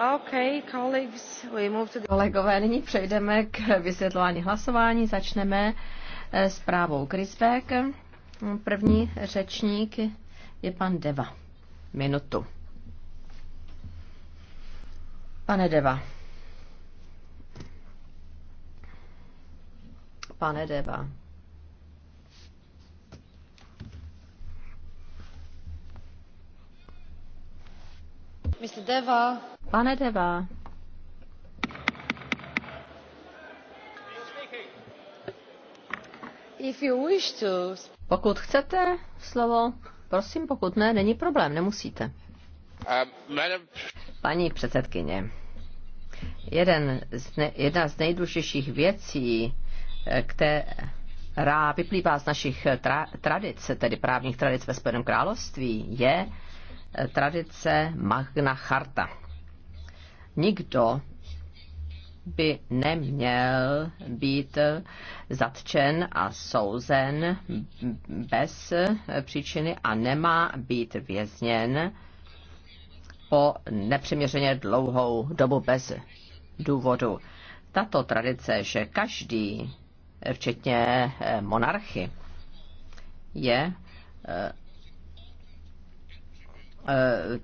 Okay, colleagues, we move to the... Kolegové, nyní přejdeme k vysvětlování hlasování. Začneme eh, s právou Grisbeck. První řečník je pan Deva. Minutu. Pane Deva. Pane Deva. Pane Deva. Pokud chcete slovo, prosím, pokud ne, není problém, nemusíte. Um, Paní předsedkyně, jeden z ne, jedna z nejdůležitějších věcí, eh, která vyplývá z našich tra, tradic, tedy právních tradic ve Spojeném království, je tradice Magna Charta. Nikdo by neměl být zatčen a souzen bez příčiny a nemá být vězněn po nepřiměřeně dlouhou dobu bez důvodu. Tato tradice, že každý, včetně eh, monarchy, je eh, Eh,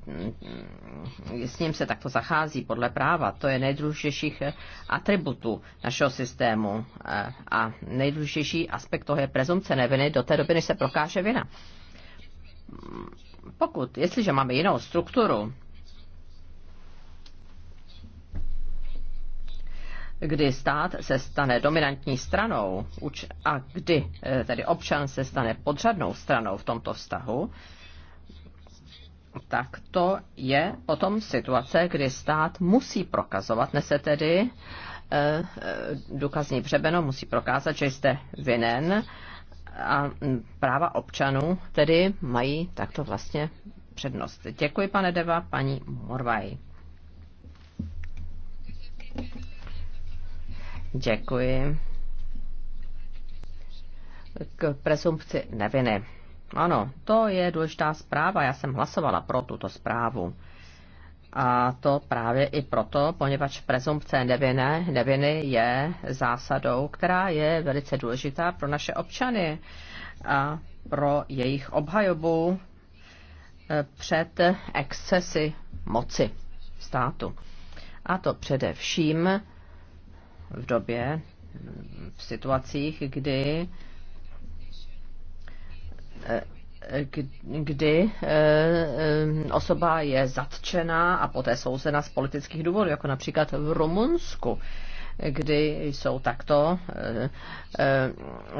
s ním se takto zachází podle práva. To je nejdůležitějších eh, atributů našeho systému eh, a nejdůležitější aspekt toho je prezumce neviny do té doby, než se prokáže vina. Pokud, jestliže máme jinou strukturu, kdy stát se stane dominantní stranou a kdy tedy občan se stane podřadnou stranou v tomto vztahu, tak to je potom situace, kdy stát musí prokazovat, nese tedy e, důkazní břebeno, musí prokázat, že jste vinen a práva občanů tedy mají takto vlastně přednost. Děkuji, pane Deva, paní Morvaj. Děkuji. K presumpci neviny ano, to je důležitá zpráva. Já jsem hlasovala pro tuto zprávu. A to právě i proto, poněvadž prezumpce neviny, neviny je zásadou, která je velice důležitá pro naše občany a pro jejich obhajobu eh, před excesy moci státu. A to především v době, v situacích, kdy kdy eh, eh, osoba je zatčená a poté souzena z politických důvodů, jako například v Rumunsku kdy jsou takto, eh,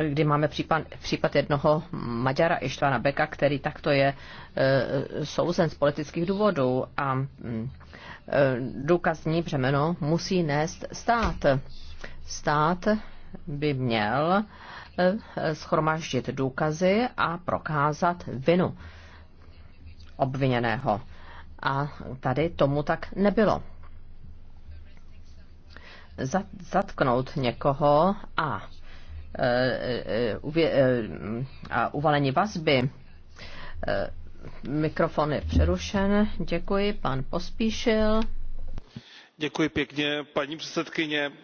kdy máme případ, případ jednoho Maďara Ištvana Beka, který takto je souzen z politických důvodů a mm, důkazní břemeno musí nést stát. Stát by měl Eh, schromaždit důkazy a prokázat vinu obviněného. A tady tomu tak nebylo. Zatknout někoho a, eh, eh, a uvalení vazby. Mikrofon je přerušen. Děkuji, pan Pospíšil paní předsedající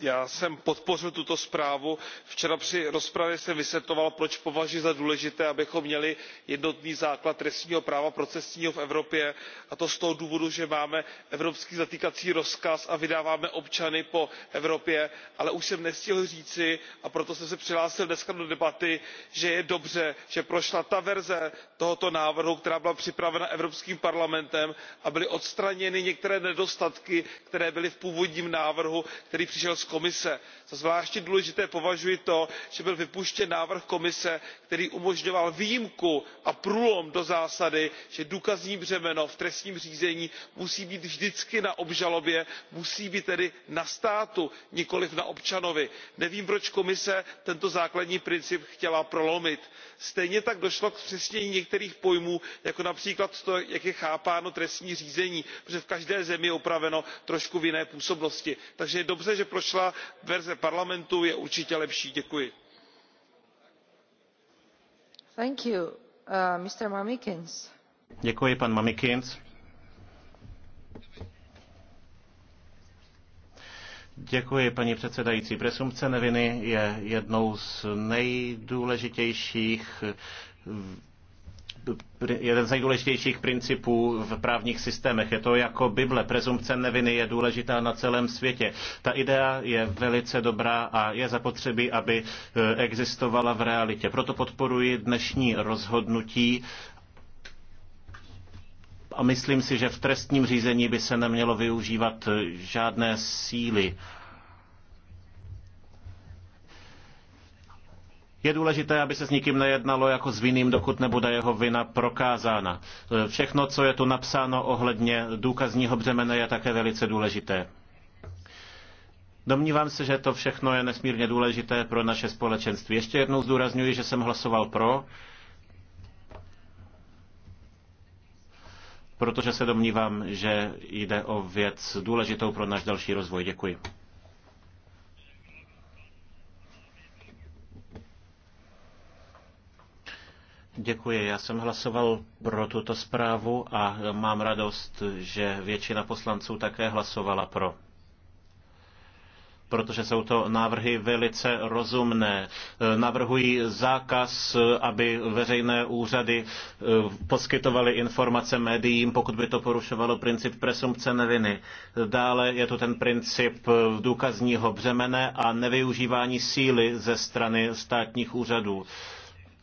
já jsem podpořil tuto zprávu. včera při rozpravě jsem vysvětloval proč považuji za důležité abychom měli jednotný základ trestního práva procesního v evropě a to z toho důvodu že máme evropský zatýkací rozkaz a vydáváme občany po evropě ale už jsem nestihl říci a proto jsem se přihlásil dnes do debaty že je dobře že prošla ta verze tohoto návrhu která byla připravena evropským parlamentem a byly odstraněny některé nedostatky které byly v návrhu byly v původním návrhu který přišel z komise. za zvláště důležité považuji to že byl vypuštěn návrh komise který umožňoval výjimku a průlom do zásady že důkazní břemeno v trestním řízení musí být vždycky na obžalobě musí být tedy na státu nikoliv na občanovi. nevím proč komise tento základní princip chtěla prolomit. stejně tak došlo ke zpřesnění některých pojmů jako například to jak je chápáno trestní řízení protože v každé zemi je upraveno trošku jiné působnosti. takže je dobře že prošla verze parlamentu je určitě lepší. děkuji. Uh, děkuji Děkuji, paní předsedající. Presumpce neviny je jednou z nejdůležitějších jeden z nejdůležitějších principů v právních systémech. Je to jako Bible. Prezumce neviny je důležitá na celém světě. Ta idea je velice dobrá a je zapotřebí, aby e, existovala v realitě. Proto podporuji dnešní rozhodnutí a myslím si, že v trestním řízení by se nemělo využívat e, žádné síly. Je důležité, aby se s nikým nejednalo jako s vinným, dokud nebude jeho vina prokázána. Všechno, co je tu napsáno ohledně důkazního břemene, je také velice důležité. Domnívám se, že to všechno je nesmírně důležité pro naše společenství. Ještě jednou zdůrazňuji, že jsem hlasoval pro, protože se domnívám, že jde o věc důležitou pro náš další rozvoj. Děkuji. Děkuji. Já jsem hlasoval pro tuto zprávu a mám radost, že většina poslanců také hlasovala pro protože jsou to návrhy velice rozumné. Navrhují zákaz, aby veřejné úřady eh, poskytovaly informace médiím, pokud by to porušovalo princip presumpce neviny. Dále je to ten princip eh, důkazního břemene a nevyužívání síly ze strany státních úřadů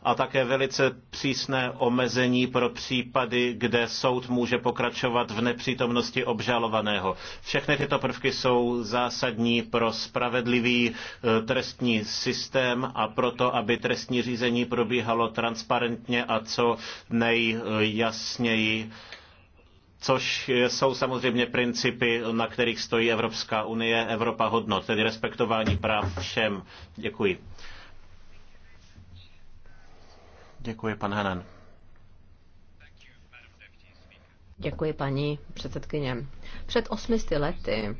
a také velice přísné omezení pro případy, kde soud může pokračovat v nepřítomnosti obžalovaného. Všechny tyto prvky jsou zásadní pro spravedlivý e, trestní systém a proto, aby trestní řízení probíhalo transparentně a co nejjasněji což jsou samozřejmě principy, na kterých stojí Evropská unie, Evropa hodnot, tedy respektování práv všem. Děkuji. Děkuji, pan Hanan. Děkuji, paní předsedkyně. Před osmisty lety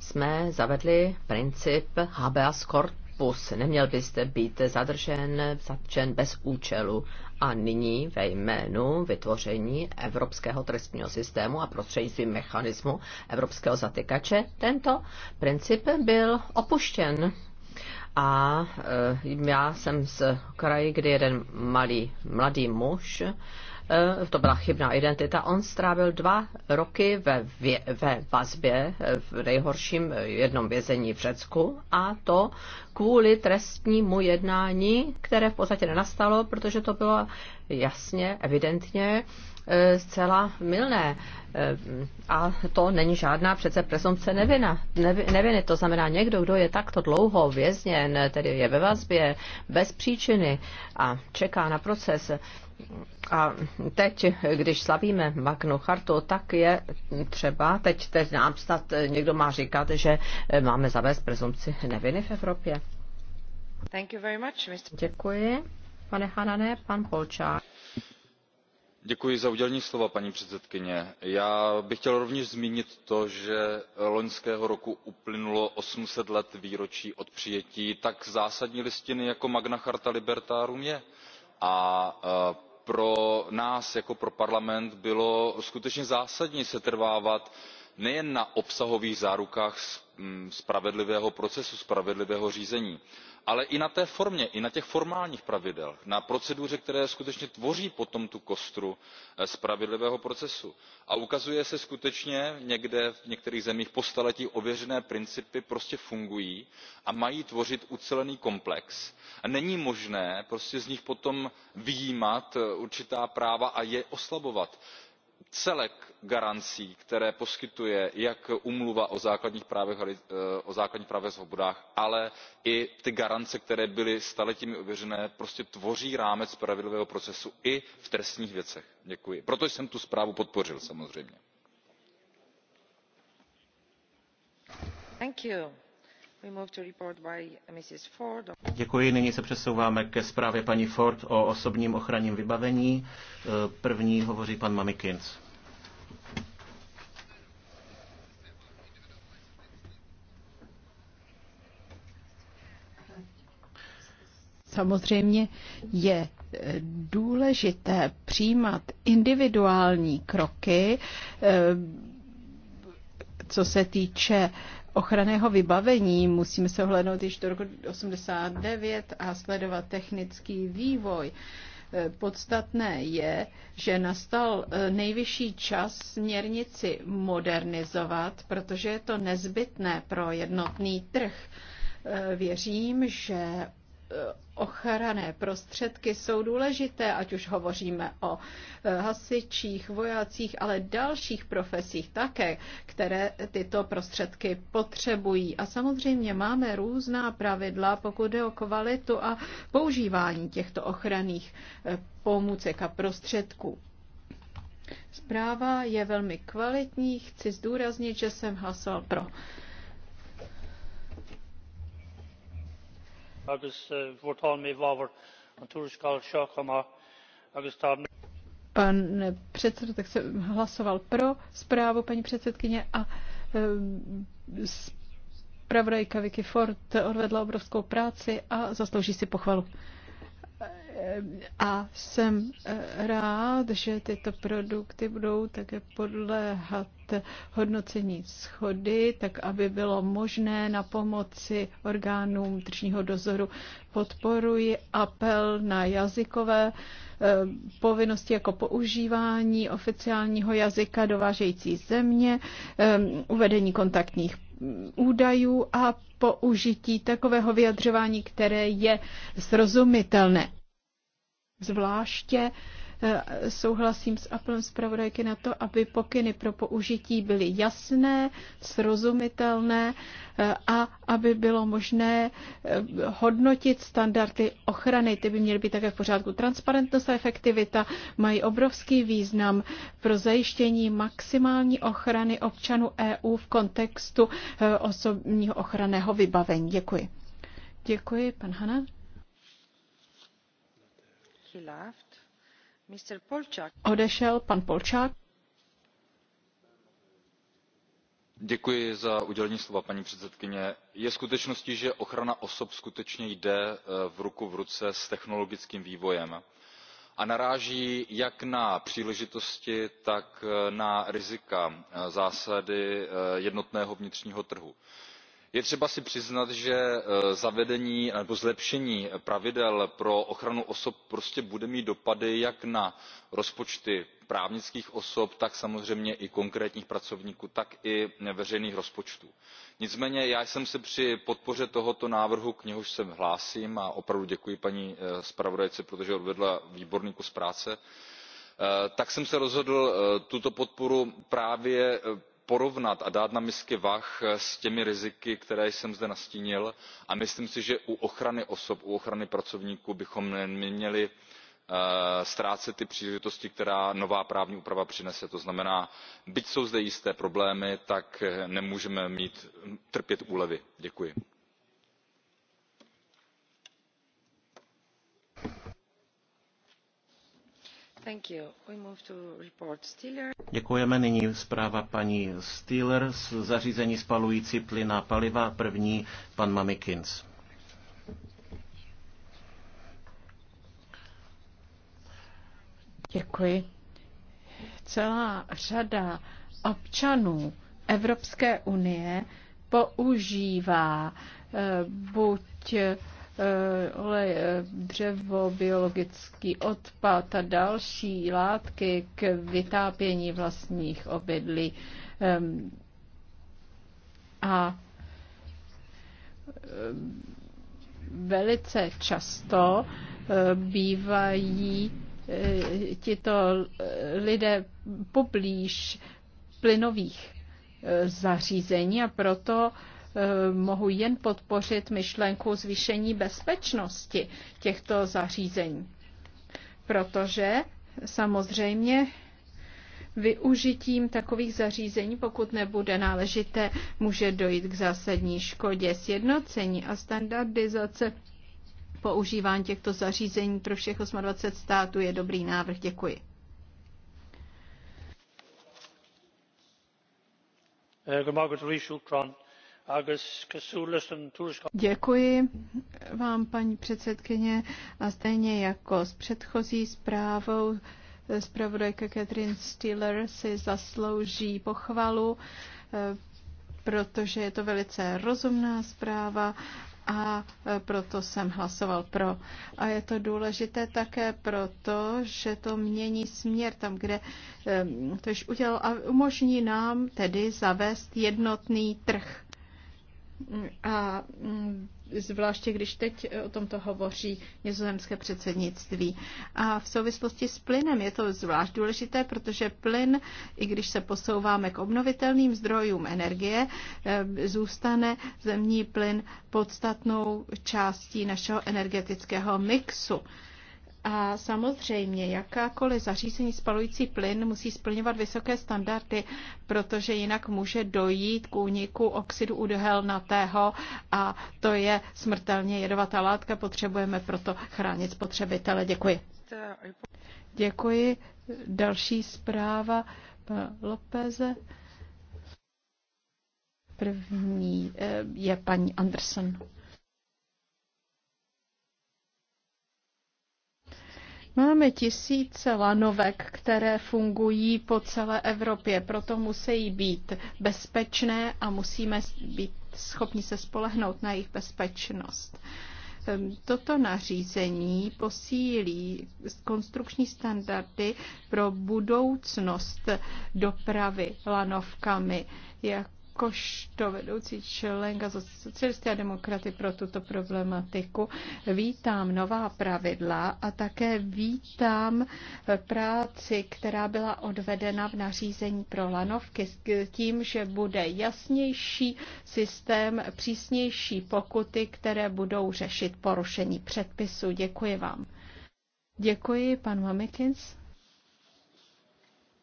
jsme zavedli princip habeas corpus. Neměl byste být zadržen, zatčen bez účelu. A nyní ve jménu vytvoření Evropského trestního systému a prostřednictvím mechanismu Evropského zatykače tento princip byl opuštěn a eh, já jsem z kraje, kde jeden malý mladý muž, eh, to byla chybná identita, on strávil dva roky ve, vě, ve vazbě eh, v nejhorším jednom vězení v Řecku a to kvůli trestnímu jednání, které v podstatě nenastalo, protože to bylo jasně, evidentně e, zcela milné. E, a to není žádná přece presumpce nevina. neviny. To znamená někdo, kdo je takto dlouho vězněn, tedy je ve vazbě, bez příčiny a čeká na proces. A teď, když slavíme Magnu Chartu, tak je třeba, teď, teď nám snad někdo má říkat, že máme zavést prezumci neviny v Evropě. Thank you very much, Mr. Děkuji. Děkuji za slova, paní předsedkyně. Já bych chtěl rovněž zmínit to, že loňského roku uplynulo hundred let výročí od přijetí tak zásadní listiny jako Magna Charta Libertarum je. A e, pro nás jako pro parlament bylo skutečně zásadní setrvávat nejen na obsahových zárukách Mm, spravedlivého procesu spravedlivého řízení ale i na té formě i na těch formálních pravidlech na proceduře které skutečně tvoří potom tu kostru eh, spravedlivého procesu a ukazuje se skutečně někde v některých zemích po staletí ověřené principy prostě fungují a mají tvořit ucelený komplex a není možné prostě z nich potom vyjímat eh, určitá práva a je oslabovat celek garancí které poskytuje jak úmluva eh, o základních právech a svobodách ale i ty garance které byly staletími ověřené prostě tvoří rámec spravedlivého procesu i v trestních věcech. proto jsem tu zprávu podpořil samozřejmě. Děkuji, nyní se přesouváme ke zprávě paní Ford o osobním ochranním vybavení. Eh, první hovoří pan Mamikins. Samozřejmě je eh, důležité přijímat individuální kroky, eh, co se týče ochranného vybavení, musíme se ohlednout již do roku 89 a sledovat technický vývoj. E, podstatné je, že nastal e, nejvyšší čas směrnici modernizovat, protože je to nezbytné pro jednotný trh. E, věřím, že Eh, ochranné prostředky jsou důležité, ať už hovoříme o eh, hasičích, vojácích, ale dalších profesích také, které tyto prostředky potřebují. A samozřejmě máme různá pravidla, pokud jde o kvalitu a používání těchto ochranných eh, pomůcek a prostředků. Zpráva je velmi kvalitní, chci zdůraznit, že jsem hlasoval pro. Eh, Pane předsedo, tak jsem hlasoval pro zprávu paní předsedkyně a eh, zpravodajka Vicky Ford odvedla obrovskou práci a zaslouží si pochvalu. Eh, a jsem eh, rád, že tyto produkty budou také podléhat hodnocení schody, tak aby bylo možné na pomoci orgánům tržního dozoru. Podporuji apel na jazykové eh, povinnosti jako používání oficiálního jazyka dovážející země, uvedení kontaktních údajů a použití takového vyjadřování, které je srozumitelné. Zvláště eh, souhlasím s apelem zpravodajky na to, aby pokyny pro použití byly jasné, srozumitelné eh, a aby bylo možné eh, hodnotit standardy ochrany. Ty by měly být také v pořádku. Transparentnost a efektivita mají obrovský význam pro zajištění maximální ochrany občanů EU v kontextu osobního ochranného vybavení. Děkuji. Děkuji, pan Hana. Odešel pan Polčák. Děkuji za udělení slova, paní předsedající je skutečností že ochrana osob skutečně jde eh, ruku v ruce s technologickým vývojem a naráží jak na příležitosti tak eh, na rizika eh, zásady jednotného vnitřního trhu je třeba si přiznat že e, zavedení nebo zlepšení pravidel pro ochranu osob prostě bude mít dopady jak na rozpočty právnických osob tak samozřejmě i konkrétních pracovníků tak i veřejných rozpočtů. nicméně já jsem se při podpoře tohoto návrhu k němuž se hlásím a opravdu děkuji paní e, zpravodajce protože odvedla výborný kus práce e, tak jsem se rozhodl tuto podporu právě porovnat a dát na misky vah eh, s těmi riziky která jsem zde nastínil a myslím si že u ochrany osob u ochrany pracovníků bychom neměli eh, ztrácet ty příležitosti které nová právní úprava přinese to znamená byť jsou zde jisté problémy tak eh, nemůžeme trpět úlevy. děkuji. Děkujeme. Nyní zpráva paní Steeler z zařízení spalující plyn a paliva. První pan Mamikins. Děkuji. Celá řada občanů Evropské unie používá eh, buď Eh, olej, eh, dřevo, biologický odpad a další látky k vytápění vlastních obydlí. A eh, velice často bývají tito lidé poblíž plynových zařízení a proto Eh, mohu jen podpořit myšlenku zvýšení bezpečnosti těchto zařízení. Protože samozřejmě využitím takových zařízení, pokud nebude náležité, může dojít k zásadní škodě. Sjednocení a standardizace používání těchto zařízení pro všech 28 států je dobrý návrh. Děkuji. Eh, Margaret Děkuji vám, paní předsedkyně, a stejně jako s předchozí zprávou zpravodajka Catherine Steeler si zaslouží pochvalu, protože je to velice rozumná zpráva a proto jsem hlasoval pro. A je to důležité také proto, že to mění směr tam, kde ehm, to již udělal a umožní nám tedy zavést jednotný trh a mm, zvláště když teď eh, o tomto hovoří nizozemské předsednictví. A v souvislosti s plynem je to zvlášť důležité, protože plyn, i když se posouváme k obnovitelným zdrojům energie, eh, zůstane zemní plyn podstatnou částí našeho energetického mixu. A samozřejmě jakákoliv zařízení spalující plyn musí splňovat vysoké standardy, protože jinak může dojít k úniku oxidu uhelnatého a to je smrtelně jedovatá látka. Potřebujeme proto chránit spotřebitele. Děkuji. Děkuji. Další zpráva Lopeze. První eh, je paní Anderson. Máme tisíce lanovek, které fungují po celé Evropě, proto musí být bezpečné a musíme být schopni se spolehnout na jejich bezpečnost. Ehm, toto nařízení posílí konstrukční standardy pro budoucnost dopravy lanovkami, jak jakožto vedoucí členka socialisty a demokraty pro tuto problematiku vítám nová pravidla a také vítám práci, která byla odvedena v nařízení pro lanovky s tím, že bude jasnější systém, přísnější pokuty, které budou řešit porušení předpisů. Děkuji vám. Děkuji, pan Mamikins.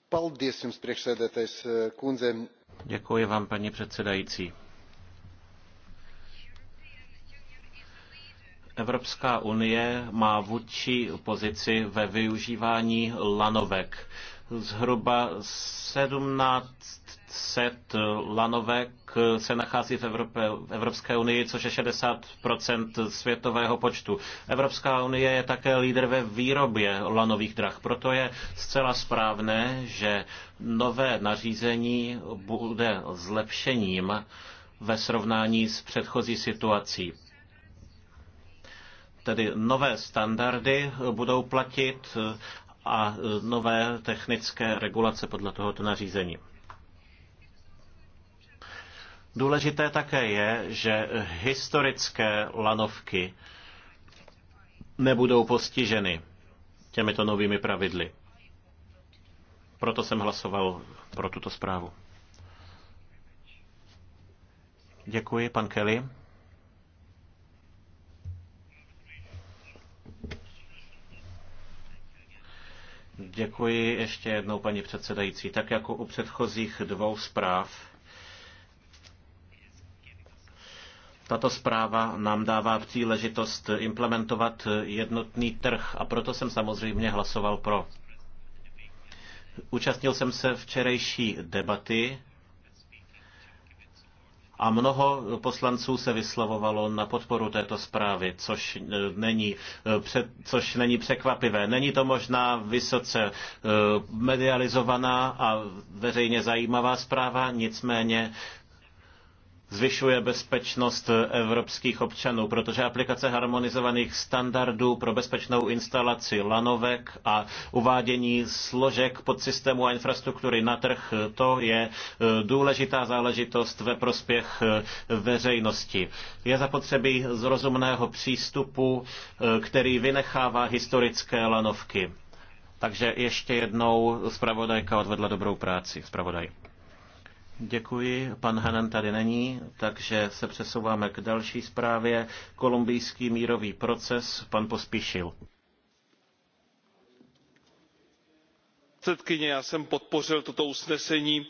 Paldies jums, priekšsēdētais kundze. Děkuji vám, paní předsedající. Evropská unie má vůči pozici ve využívání lanovek. Zhruba 17 set eh, lanovek eh, se nachází v, Evropě, v Evropské unii, což je 60 světového počtu. Evropská unie je také lídr ve výrobě lanových drah, proto je zcela správné, že nové nařízení bude zlepšením ve srovnání s předchozí situací. Tedy nové standardy budou platit eh, a nové technické regulace podle tohoto nařízení. Důležité také je, že historické lanovky nebudou postiženy těmito novými pravidly. Proto jsem hlasoval pro tuto zprávu. Děkuji, pan Kelly. Děkuji ještě jednou, paní předsedající. Tak jako u předchozích dvou zpráv, Tato zpráva nám dává příležitost implementovat jednotný trh a proto jsem samozřejmě hlasoval pro. Účastnil jsem se včerejší debaty a mnoho poslanců se vyslovovalo na podporu této zprávy, což není, což není překvapivé. Není to možná vysoce eh, medializovaná a veřejně zajímavá zpráva, nicméně zvyšuje bezpečnost evropských občanů, protože aplikace harmonizovaných standardů pro bezpečnou instalaci lanovek a uvádění složek systému a infrastruktury na trh, to je eh, důležitá záležitost ve prospěch eh, veřejnosti. Je zapotřebí zrozumného přístupu, eh, který vynechává historické lanovky. Takže ještě jednou zpravodajka odvedla dobrou práci. Zpravodaj. Děkuji. Pan Hanan tady není, takže se přesouváme k další zprávě. Kolumbijský mírový proces. Pan Pospíšil. Předkyně, já jsem podpořil toto usnesení.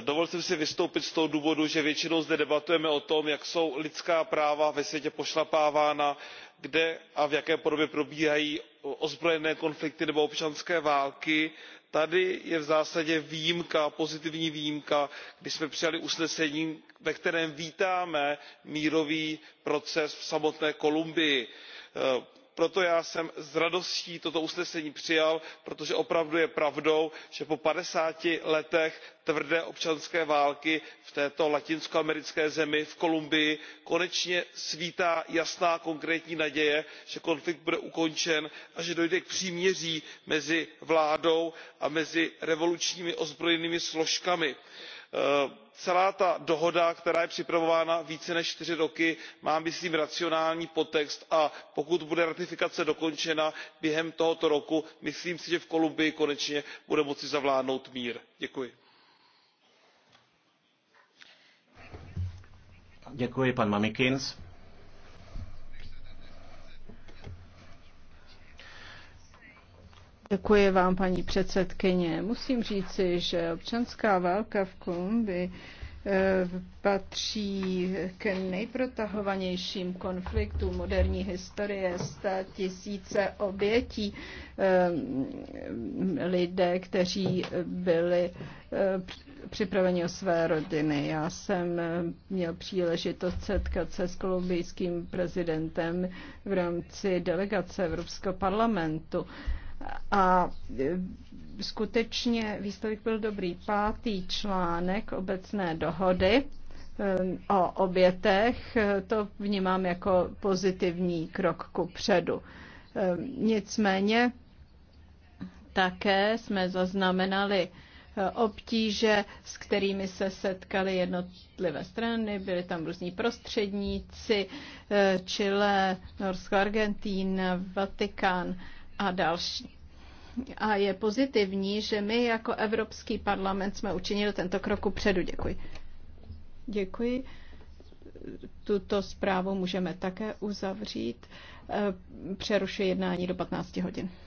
Dovolte jsem si vystoupit z toho důvodu že většinou zde debatujeme o tom jak jsou lidská práva ve světě pošlapávána kde a v jaké podobě probíhají ozbrojené konflikty nebo občanské války tady je v zásadě výjimka pozitivní výjimka kdy jsme přijali usnesení ve kterém vítáme mírový proces v samotné kolumbii proto já jsem s radostí toto usnesení přijal protože opravdu je pravdou že po padesáti letech tvrdé občanské války v této latinskoamerické zemi v kolumbii konečně svítá jasná konkrétní naděje že konflikt bude ukončen a že dojde k příměří mezi vládou a revolučními ozbrojenými složkami. Eh, celá ta dohoda která je připravována více než čtyři roky má myslím racionální podtext a pokud bude ratifikace dokončena během tohoto roku myslím si že v kolumbii konečně bude moci zavládnout mír. děkuji. děkuji Děkuji vám, paní předsedkyně. Musím říci, že občanská válka v Kolumbii eh, patří k nejprotahovanějším konfliktům moderní historie. Sta tisíce obětí eh, lidé, kteří byli eh, připraveni o své rodiny. Já jsem měl příležitost setkat se s kolumbijským prezidentem v rámci delegace Evropského parlamentu. A e, skutečně výsledek byl dobrý. Pátý článek obecné dohody e, o obětech, e, to vnímám jako pozitivní krok ku předu. Nicméně také jsme zaznamenali obtíže, s kterými se setkaly jednotlivé strany. Byly tam různí prostředníci, Chile, Norsko, Argentína, Vatikán a další a je pozitivní, že my jako Evropský parlament jsme učinili tento krok předu. Děkuji. Děkuji. Tuto zprávu můžeme také uzavřít. Eh, přerušuji jednání do 15 hodin.